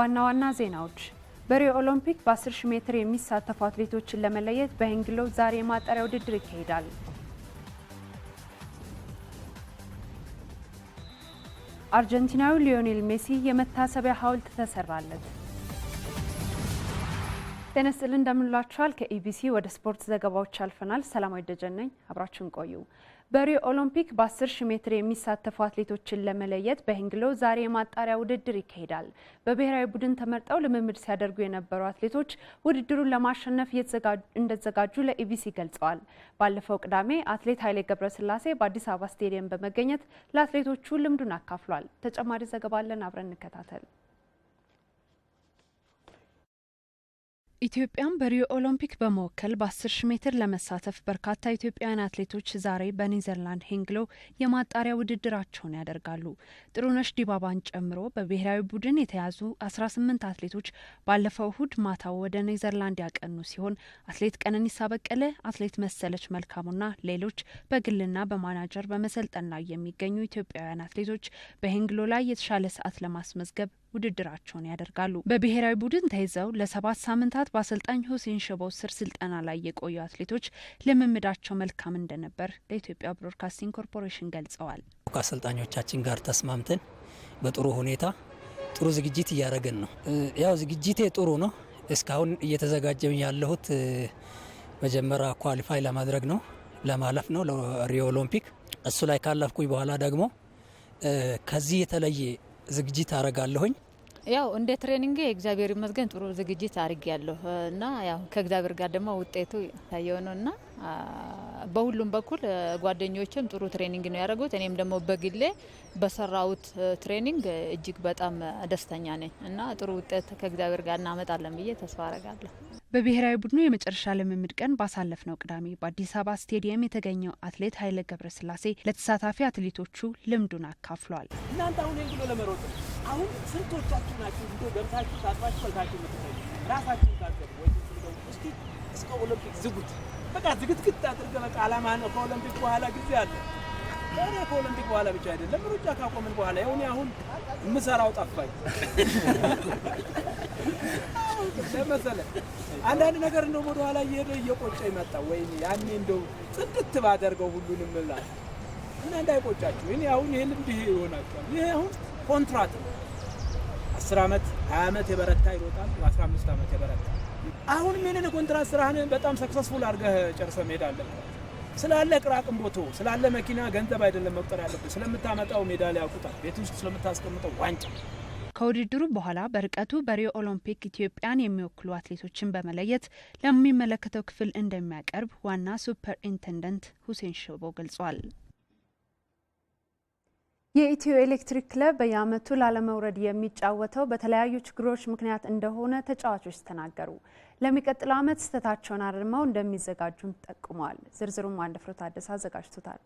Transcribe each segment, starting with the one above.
ዋና ዋና ዜናዎች በሪዮ ኦሎምፒክ በ10 ሜትር የሚሳተፉ አትሌቶችን ለመለየት በሄንግሎ ዛሬ የማጣሪያ ውድድር ይካሄዳል። አርጀንቲናዊ ሊዮኔል ሜሲ የመታሰቢያ ሐውልት ተሰራለት። ጤና ይስጥልን እንደምንላችኋል። ከኢቢሲ ወደ ስፖርት ዘገባዎች አልፈናል። ሰላማዊ ደጀነኝ ነኝ፣ አብራችሁን ቆዩ። በሪዮ ኦሎምፒክ በ10 ሺህ ሜትር የሚሳተፉ አትሌቶችን ለመለየት በሂንግሎ ዛሬ የማጣሪያ ውድድር ይካሄዳል። በብሔራዊ ቡድን ተመርጠው ልምምድ ሲያደርጉ የነበሩ አትሌቶች ውድድሩን ለማሸነፍ እንደተዘጋጁ ለኢቢሲ ገልጸዋል። ባለፈው ቅዳሜ አትሌት ኃይሌ ገብረስላሴ በአዲስ አበባ ስቴዲየም በመገኘት ለአትሌቶቹ ልምዱን አካፍሏል። ተጨማሪ ዘገባ አለን፣ አብረን እንከታተል። ኢትዮጵያን በሪዮ ኦሎምፒክ በመወከል በ10 ሺ ሜትር ለመሳተፍ በርካታ ኢትዮጵያውያን አትሌቶች ዛሬ በኔዘርላንድ ሄንግሎ የማጣሪያ ውድድራቸውን ያደርጋሉ። ጥሩነሽ ዲባባን ጨምሮ በብሔራዊ ቡድን የተያዙ 18 አትሌቶች ባለፈው እሁድ ማታው ወደ ኔዘርላንድ ያቀኑ ሲሆን አትሌት ቀነኒሳ በቀለ፣ አትሌት መሰለች መልካሙና ሌሎች በግልና በማናጀር በመሰልጠን ላይ የሚገኙ ኢትዮጵያውያን አትሌቶች በሄንግሎ ላይ የተሻለ ሰዓት ለማስመዝገብ ውድድራቸውን ያደርጋሉ። በብሔራዊ ቡድን ተይዘው ለሰባት ሳምንታት በአሰልጣኝ ሁሴን ሸበው ስር ስልጠና ላይ የቆዩ አትሌቶች ልምምዳቸው መልካም እንደነበር ለኢትዮጵያ ብሮድካስቲንግ ኮርፖሬሽን ገልጸዋል። ከአሰልጣኞቻችን ጋር ተስማምተን በጥሩ ሁኔታ ጥሩ ዝግጅት እያደረግን ነው። ያው ዝግጅቴ ጥሩ ነው። እስካሁን እየተዘጋጀው ያለሁት መጀመሪያ ኳሊፋይ ለማድረግ ነው፣ ለማለፍ ነው ለሪዮ ኦሎምፒክ። እሱ ላይ ካለፍኩኝ በኋላ ደግሞ ከዚህ የተለየ ዝግጅት አረጋለሁኝ። ያው እንደ ትሬኒንግ እግዚአብሔር ይመስገን ጥሩ ዝግጅት አርግ ያለሁ እና ያው ከእግዚአብሔር ጋር ደግሞ ውጤቱ ታየው ነው እና በሁሉም በኩል ጓደኞችም ጥሩ ትሬኒንግ ነው ያደረጉት። እኔም ደግሞ በግሌ በሰራውት ትሬኒንግ እጅግ በጣም ደስተኛ ነኝ እና ጥሩ ውጤት ከእግዚአብሔር ጋር እናመጣለን ብዬ ተስፋ አረጋለሁ። በብሔራዊ ቡድኑ የመጨረሻ ልምምድ ቀን ባሳለፍ ነው ቅዳሜ በአዲስ አበባ ስቴዲየም የተገኘው አትሌት ኃይለ ገብረስላሴ ለተሳታፊ አትሌቶቹ ልምዱን አካፍሏል። እናንተ አሁን ብሎ ለመሮጥ አሁን ስንቶቻችሁ ናችሁ ገብታችሁ ታጥባችሁ ፈልታችሁ ምትነ ራሳችሁ ታዘብ ወይ እስቲ እስከ ኦሎምፒክ ዝጉት። በቃ ዝግትግት በቃ ከኦሎምፒክ በኋላ ጊዜ አለ። እኔ ከኦሎምፒክ በኋላ ብቻ አይደለም ሩጫ ካቆምን በኋላ ይሁን አሁን የምሰራው ጠፋኝ። አንዳንድ ነገር እንደውም ወደኋላ እየሄደ እየቆጨ ይመጣ ወይ ያኔ እንደው ጽድት ባደርገው ሁሉንም እና እንዳይቆጫችሁ አሁን ይሆናቸዋል። ይሄ አሁን ኮንትራት ነው። አስር ዓመት ሀያ ዓመት የበረታ ይሮጣል። አስራ አምስት ዓመት የበረታ አሁንም ይህንን የኮንትራት ስራህን በጣም ሰክሰስፉል አድርገህ ጨርሰ ሜዳለ ስላለ ስላለ ቦቶ ስላለ መኪና ገንዘብ አይደለም መቁጠር ያለብህ፣ ስለምታመጣው ሜዳሊያ ቁጠር፣ ቤት ውስጥ ስለምታስቀምጠው ዋንጫ ከውድድሩ በኋላ በርቀቱ በሪዮ ኦሎምፒክ ኢትዮጵያን የሚወክሉ አትሌቶችን በመለየት ለሚመለከተው ክፍል እንደሚያቀርብ ዋና ሱፐር ኢንተንደንት ሁሴን ሽቦ ገልጿል። የኢትዮ ኤሌክትሪክ ክለብ በየዓመቱ ላለመውረድ የሚጫወተው በተለያዩ ችግሮች ምክንያት እንደሆነ ተጫዋቾች ተናገሩ። ለሚቀጥለው ዓመት ስህተታቸውን አርመው እንደሚዘጋጁም ጠቁመዋል። ዝርዝሩም አንድ ፍሮ ታደሰ አዘጋጅቶታል።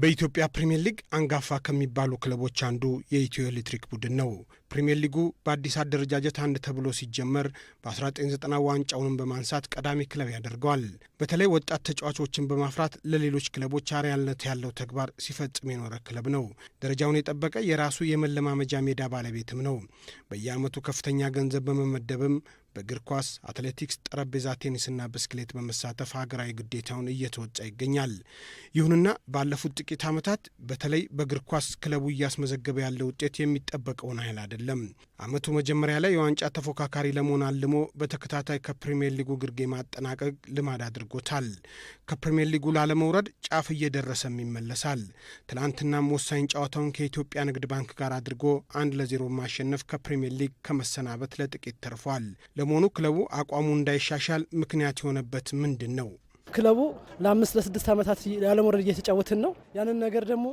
በኢትዮጵያ ፕሪምየር ሊግ አንጋፋ ከሚባሉ ክለቦች አንዱ የኢትዮ ኤሌክትሪክ ቡድን ነው። ፕሪምየር ሊጉ በአዲስ አደረጃጀት አንድ ተብሎ ሲጀመር በ1990 ዋንጫውንም በማንሳት ቀዳሚ ክለብ ያደርገዋል። በተለይ ወጣት ተጫዋቾችን በማፍራት ለሌሎች ክለቦች አርአያነት ያለው ተግባር ሲፈጽም የኖረ ክለብ ነው። ደረጃውን የጠበቀ የራሱ የመለማመጃ ሜዳ ባለቤትም ነው። በየዓመቱ ከፍተኛ ገንዘብ በመመደብም በእግር ኳስ፣ አትሌቲክስ፣ ጠረጴዛ ቴኒስና ብስክሌት በመሳተፍ ሀገራዊ ግዴታውን እየተወጣ ይገኛል። ይሁንና ባለፉት ጥቂት ዓመታት በተለይ በእግር ኳስ ክለቡ እያስመዘገበ ያለው ውጤት የሚጠበቀውን ያህል አደ አይደለም። አመቱ መጀመሪያ ላይ የዋንጫ ተፎካካሪ ለመሆን አልሞ በተከታታይ ከፕሪምየር ሊጉ ግርጌ ማጠናቀቅ ልማድ አድርጎታል። ከፕሪምየር ሊጉ ላለመውረድ ጫፍ እየደረሰም ይመለሳል። ትናንትናም ወሳኝ ጨዋታውን ከኢትዮጵያ ንግድ ባንክ ጋር አድርጎ አንድ ለዜሮ ማሸነፍ ከፕሪምየር ሊግ ከመሰናበት ለጥቂት ተርፏል። ለመሆኑ ክለቡ አቋሙ እንዳይሻሻል ምክንያት የሆነበት ምንድን ነው? ክለቡ ለአምስት ለስድስት ዓመታት ያለመውረድ እየተጫወትን ነው። ያንን ነገር ደግሞ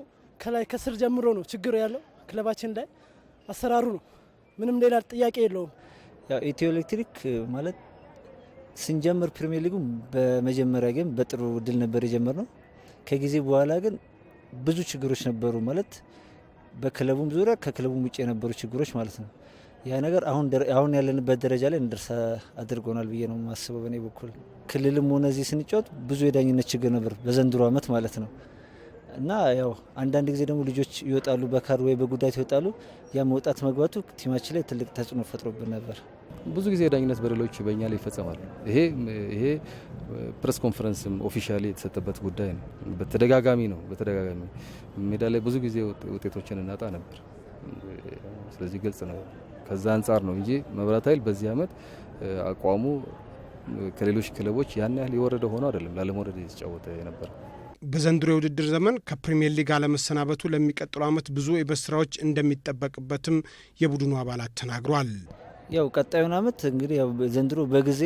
ከላይ ከስር ጀምሮ ነው ችግሩ ያለው ክለባችን ላይ አሰራሩ ነው። ምንም ሌላ ጥያቄ የለውም። ያው ኢትዮ ኤሌክትሪክ ማለት ስንጀምር ፕሪሚየር ሊጉም በመጀመሪያ ግን በጥሩ ድል ነበር የጀመር ነው። ከጊዜ በኋላ ግን ብዙ ችግሮች ነበሩ ማለት በክለቡም ዙሪያ ከክለቡም ውጭ የነበሩ ችግሮች ማለት ነው። ያ ነገር አሁን ያለንበት ደረጃ ላይ እንደርሳ አድርጎናል ብዬ ነው የማስበው። በእኔ በኩል ክልልም ሆነ እዚህ ስንጫወት ብዙ የዳኝነት ችግር ነበር በዘንድሮ ዓመት ማለት ነው። እና ያው አንዳንድ ጊዜ ደግሞ ልጆች ይወጣሉ፣ በካር ወይ በጉዳት ይወጣሉ። ያ መውጣት መግባቱ ቲማች ላይ ትልቅ ተጽዕኖ ፈጥሮብን ነበር። ብዙ ጊዜ የዳኝነት በደሎች በእኛ ላይ ይፈጸማሉ። ይሄ ይሄ ፕሬስ ኮንፈረንስም ኦፊሻሊ የተሰጠበት ጉዳይ ነው። በተደጋጋሚ ነው በተደጋጋሚ ሜዳ ላይ ብዙ ጊዜ ውጤቶችን እናጣ ነበር። ስለዚህ ግልጽ ነው። ከዛ አንጻር ነው እንጂ መብራት ኃይል በዚህ ዓመት አቋሙ ከሌሎች ክለቦች ያን ያህል የወረደ ሆኖ አይደለም ላለመውረድ የተጫወተ የነበረ በዘንድሮ የውድድር ዘመን ከፕሪምየር ሊግ አለመሰናበቱ ለሚቀጥሉ ዓመት ብዙ የቤት ስራዎች እንደሚጠበቅበትም የቡድኑ አባላት ተናግሯል። ያው ቀጣዩን ዓመት እንግዲህ ዘንድሮ በጊዜ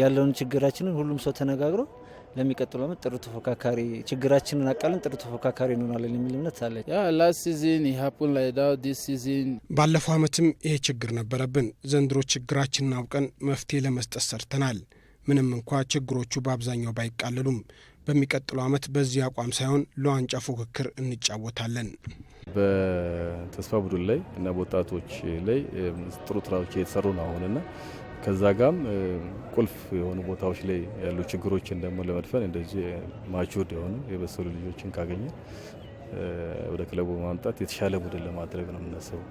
ያለውን ችግራችንን ሁሉም ሰው ተነጋግሮ ለሚቀጥሉ ዓመት ጥሩ ተፎካካሪ ችግራችንን አቃለን ጥሩ ተፎካካሪ እንሆናለን የሚል እምነት ባለፈው ዓመትም ይሄ ችግር ነበረብን። ዘንድሮ ችግራችንን አውቀን መፍትሄ ለመስጠት ሰርተናል። ምንም እንኳ ችግሮቹ በአብዛኛው ባይቃለሉም በሚቀጥለው ዓመት በዚህ አቋም ሳይሆን ለዋንጫ ፉክክር እንጫወታለን። በተስፋ ቡድን ላይ እና በወጣቶች ላይ ጥሩ ስራዎች እየተሰሩ ነው አሁንና ከዛ ጋም ቁልፍ የሆኑ ቦታዎች ላይ ያሉ ችግሮችን ደግሞ ለመድፈን እንደዚህ ማቹርድ የሆኑ የበሰሉ ልጆችን ካገኘ ወደ ክለቡ ማምጣት የተሻለ ቡድን ለማድረግ ነው የምናስበው።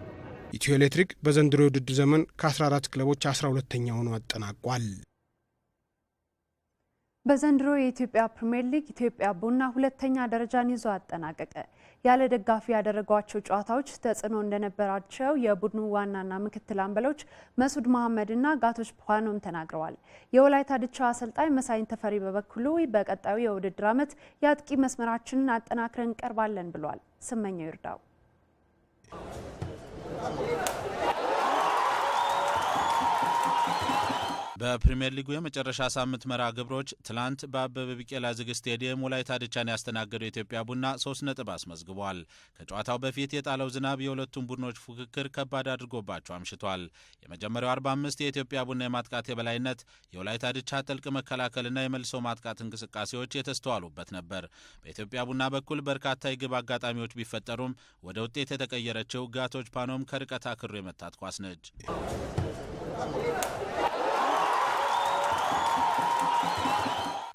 ኢትዮ ኤሌክትሪክ በዘንድሮ የውድድር ዘመን ከ14 ክለቦች 12ተኛ ሆኖ አጠናቋል። በዘንድሮ የኢትዮጵያ ፕሪምየር ሊግ ኢትዮጵያ ቡና ሁለተኛ ደረጃን ይዞ አጠናቀቀ። ያለ ደጋፊ ያደረጓቸው ጨዋታዎች ተጽዕኖ እንደነበራቸው የቡድኑ ዋናና ምክትል አምበሎች መስዑድ መሐመድና ጋቶች ፓኖም ተናግረዋል። የወላይታ ድቻው አሰልጣኝ መሳይን ተፈሪ በበኩሉ በቀጣዩ የውድድር ዓመት የአጥቂ መስመራችንን አጠናክረን እንቀርባለን ብሏል። ስመኛው ይርዳው በፕሪምየር ሊጉ የመጨረሻ ሳምንት መርሃ ግብሮች ትላንት በአበበ ቢቄላ ዝግ ስቴዲየም ወላይታ ድቻን ያስተናገደው ኢትዮጵያ ቡና ሶስት ነጥብ አስመዝግቧል። ከጨዋታው በፊት የጣለው ዝናብ የሁለቱም ቡድኖች ፉክክር ከባድ አድርጎባቸው አምሽቷል። የመጀመሪያው 45 የኢትዮጵያ ቡና የማጥቃት የበላይነት፣ የወላይታ ድቻ ጥልቅ መከላከልና የመልሶ ማጥቃት እንቅስቃሴዎች የተስተዋሉበት ነበር። በኢትዮጵያ ቡና በኩል በርካታ የግብ አጋጣሚዎች ቢፈጠሩም ወደ ውጤት የተቀየረችው ጋቶች ፓኖም ከርቀት አክሮ የመታት ኳስ ነች።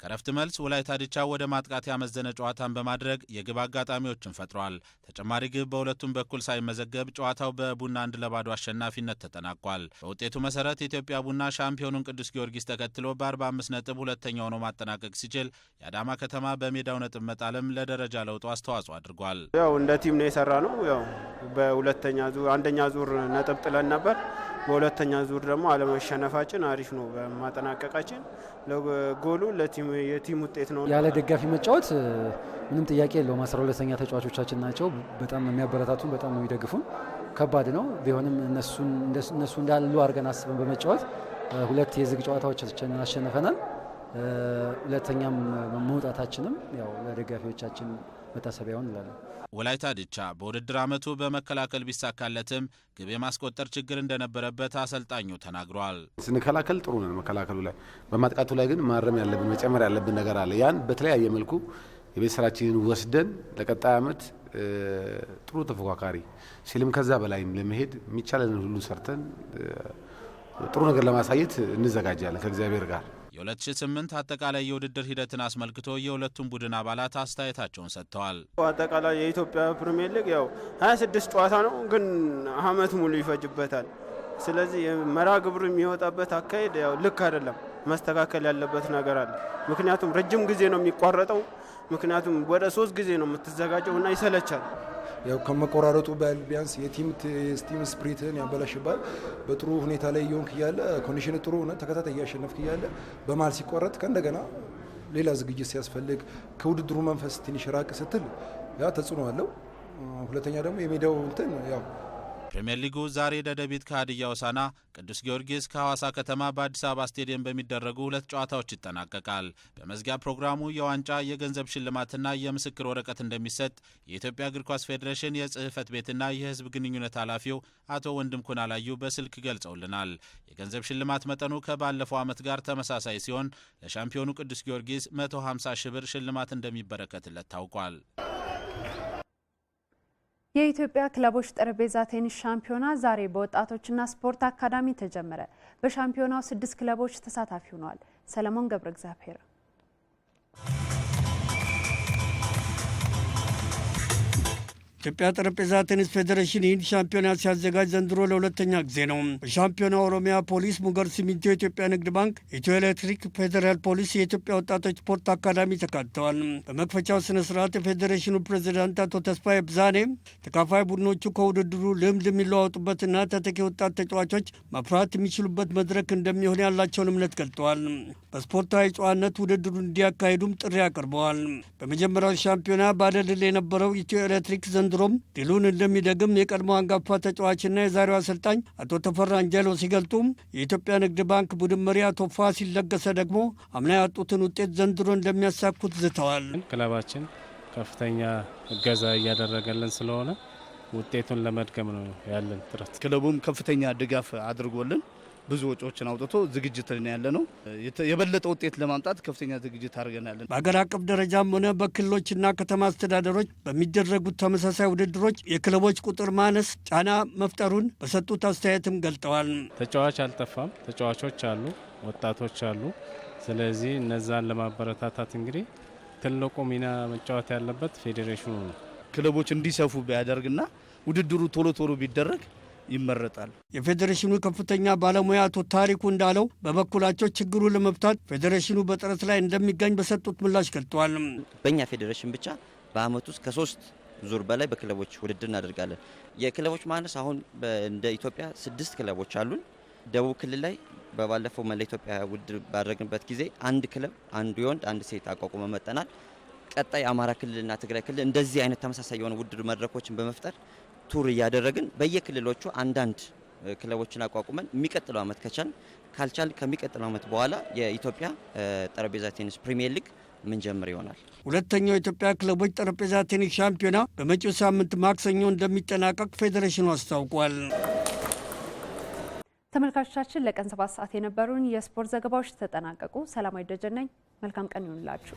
ከረፍት መልስ ወላይታ ዲቻ ወደ ማጥቃት ያመዘነ ጨዋታን በማድረግ የግብ አጋጣሚዎችን ፈጥሯል። ተጨማሪ ግብ በሁለቱም በኩል ሳይመዘገብ ጨዋታው በቡና አንድ ለባዶ አሸናፊነት ተጠናቋል። በውጤቱ መሰረት የኢትዮጵያ ቡና ሻምፒዮኑን ቅዱስ ጊዮርጊስ ተከትሎ በ45 ነጥብ ሁለተኛ ሆኖ ማጠናቀቅ ሲችል የአዳማ ከተማ በሜዳው ነጥብ መጣልም ለደረጃ ለውጡ አስተዋጽኦ አድርጓል። ያው እንደ ቲም ነው የሰራ ነው። ያው በሁለተኛ ዙር አንደኛ ዙር ነጥብ ጥለን ነበር በሁለተኛ ዙር ደግሞ አለመሸነፋችን አሪፍ ነው። በማጠናቀቃችን ጎሉ የቲም ውጤት ነው። ያለ ደጋፊ መጫወት ምንም ጥያቄ የለውም። አስራ ሁለተኛ ተጫዋቾቻችን ናቸው። በጣም የሚያበረታቱን፣ በጣም ነው የሚደግፉን። ከባድ ነው ቢሆንም እነሱ እንዳሉ አድርገን አስበን በመጫወት ሁለት የዝግ ጨዋታዎችን አሸንፈናል። ሁለተኛም መውጣታችንም ያው ለደጋፊዎቻችን መታሰቢያውን እንላለን። ወላይታ ድቻ በውድድር ዓመቱ በመከላከል ቢሳካለትም ግብ የማስቆጠር ችግር እንደነበረበት አሰልጣኙ ተናግሯል። ስንከላከል ጥሩ ነን መከላከሉ ላይ፣ በማጥቃቱ ላይ ግን ማረም ያለብን መጨመር ያለብን ነገር አለ። ያን በተለያየ መልኩ የቤት ስራችንን ወስደን ለቀጣይ ዓመት ጥሩ ተፎካካሪ ሲልም ከዛ በላይም ለመሄድ የሚቻለንን ሁሉ ሰርተን ጥሩ ነገር ለማሳየት እንዘጋጃለን ከእግዚአብሔር ጋር የ2008 አጠቃላይ የውድድር ሂደትን አስመልክቶ የሁለቱም ቡድን አባላት አስተያየታቸውን ሰጥተዋል። አጠቃላይ የኢትዮጵያ ፕሪሚየር ሊግ ያው 26 ጨዋታ ነው፣ ግን አመት ሙሉ ይፈጅበታል። ስለዚህ መራ ግብሩ የሚወጣበት አካሄድ ያው ልክ አይደለም፣ መስተካከል ያለበት ነገር አለ። ምክንያቱም ረጅም ጊዜ ነው የሚቋረጠው፣ ምክንያቱም ወደ ሶስት ጊዜ ነው የምትዘጋጀው እና ይሰለቻል። ያው ከመቆራረጡ ቢያንስ የቲም ስቲም ስፕሪትን ያበላሽባል። በጥሩ ሁኔታ ላይ እየሆንክ እያለ ኮንዲሽን ጥሩ ሆነ ተከታታይ እያሸነፍክ እያለ በመሀል ሲቆረጥ ከእንደገና ሌላ ዝግጅት ሲያስፈልግ ከውድድሩ መንፈስ ትንሽ ራቅ ስትል ያ ተጽዕኖ አለው። ሁለተኛ ደግሞ የሜዳው እንትን ያው በፕሪምየር ሊጉ ዛሬ ደደቢት ከሀዲያ ሆሳዕና፣ ቅዱስ ጊዮርጊስ ከሐዋሳ ከተማ በአዲስ አበባ ስቴዲየም በሚደረጉ ሁለት ጨዋታዎች ይጠናቀቃል። በመዝጊያ ፕሮግራሙ የዋንጫ የገንዘብ ሽልማትና የምስክር ወረቀት እንደሚሰጥ የኢትዮጵያ እግር ኳስ ፌዴሬሽን የጽህፈት ቤትና የህዝብ ግንኙነት ኃላፊው አቶ ወንድም ኩናላዩ በስልክ ገልጸውልናል። የገንዘብ ሽልማት መጠኑ ከባለፈው ዓመት ጋር ተመሳሳይ ሲሆን ለሻምፒዮኑ ቅዱስ ጊዮርጊስ 150 ሺህ ብር ሽልማት እንደሚበረከትለት ታውቋል። የኢትዮጵያ ክለቦች ጠረጴዛ ቴኒስ ሻምፒዮና ዛሬ በወጣቶችና ስፖርት አካዳሚ ተጀመረ። በሻምፒዮናው ስድስት ክለቦች ተሳታፊ ሆነዋል። ሰለሞን ገብረ እግዚአብሔር የኢትዮጵያ ጠረጴዛ ቴኒስ ፌዴሬሽን ይህን ሻምፒዮና ሲያዘጋጅ ዘንድሮ ለሁለተኛ ጊዜ ነው። በሻምፒዮና ኦሮሚያ ፖሊስ፣ ሙገር ሲሚንቶ፣ የኢትዮጵያ ንግድ ባንክ፣ ኢትዮ ኤሌክትሪክ፣ ፌዴራል ፖሊስ፣ የኢትዮጵያ ወጣቶች ስፖርት አካዳሚ ተካተዋል። በመክፈቻው ስነ ስርዓት የፌዴሬሽኑ ፕሬዚዳንት አቶ ተስፋዬ ብዛኔ ተካፋይ ቡድኖቹ ከውድድሩ ልምድ የሚለዋወጡበትና ተተኪ ወጣት ተጫዋቾች ማፍራት የሚችሉበት መድረክ እንደሚሆን ያላቸውን እምነት ገልጠዋል። በስፖርታዊ ጨዋነት ውድድሩ እንዲያካሂዱም ጥሪ አቅርበዋል። በመጀመሪያው ሻምፒዮና ባደልል የነበረው ኢትዮ ኤሌክትሪክ ዘንድሮ ተሻግሮም ድሉን እንደሚደግም የቀድሞ አንጋፋ ተጫዋችና የዛሬው አሰልጣኝ አቶ ተፈራ አንጀሎ ሲገልጡም የኢትዮጵያ ንግድ ባንክ ቡድን መሪ አቶ ፋሲል ለገሰ ደግሞ አምና ያጡትን ውጤት ዘንድሮ እንደሚያሳኩት ዝተዋል። ክለባችን ከፍተኛ እገዛ እያደረገልን ስለሆነ ውጤቱን ለመድገም ነው ያለን ጥረት። ክለቡም ከፍተኛ ድጋፍ አድርጎልን ብዙ ወጪዎችን አውጥቶ ዝግጅት ላይ ያለ ነው። የበለጠ ውጤት ለማምጣት ከፍተኛ ዝግጅት ያለ በአገር አቀፍ ደረጃም ሆነ በክልሎችና ከተማ አስተዳደሮች በሚደረጉት ተመሳሳይ ውድድሮች የክለቦች ቁጥር ማነስ ጫና መፍጠሩን በሰጡት አስተያየትም ገልጠዋል። ተጫዋች አልጠፋም። ተጫዋቾች አሉ፣ ወጣቶች አሉ። ስለዚህ እነዛን ለማበረታታት እንግዲህ ትልቁ ሚና መጫወት ያለበት ፌዴሬሽኑ ነው። ክለቦች እንዲሰፉ ቢያደርግና ውድድሩ ቶሎ ቶሎ ቢደረግ ይመረጣል። የፌዴሬሽኑ ከፍተኛ ባለሙያ አቶ ታሪኩ እንዳለው በበኩላቸው ችግሩን ለመፍታት ፌዴሬሽኑ በጥረት ላይ እንደሚገኝ በሰጡት ምላሽ ገልጠዋል። በእኛ ፌዴሬሽን ብቻ በአመት ውስጥ ከሶስት ዙር በላይ በክለቦች ውድድር እናደርጋለን። የክለቦች ማነስ አሁን እንደ ኢትዮጵያ ስድስት ክለቦች አሉን። ደቡብ ክልል ላይ በባለፈው መላ ኢትዮጵያ ውድድር ባደረግንበት ጊዜ አንድ ክለብ፣ አንዱ የወንድ አንድ ሴት አቋቁመ መጠናል። ቀጣይ አማራ ክልልና ትግራይ ክልል እንደዚህ አይነት ተመሳሳይ የሆነ ውድድር መድረኮችን በመፍጠር ቱር እያደረግን በየክልሎቹ አንዳንድ ክለቦችን አቋቁመን የሚቀጥለው ዓመት ከቻል ካልቻል ከሚቀጥለው ዓመት በኋላ የኢትዮጵያ ጠረጴዛ ቴኒስ ፕሪሚየር ሊግ ምን ጀምር ይሆናል። ሁለተኛው የኢትዮጵያ ክለቦች ጠረጴዛ ቴኒስ ሻምፒዮና በመጪው ሳምንት ማክሰኞ እንደሚጠናቀቅ ፌዴሬሽኑ አስታውቋል። ተመልካቾቻችን ለቀን ሰባት ሰዓት የነበሩን የስፖርት ዘገባዎች ተጠናቀቁ። ሰላማዊ ነኝ። መልካም ቀን ይሁንላችሁ።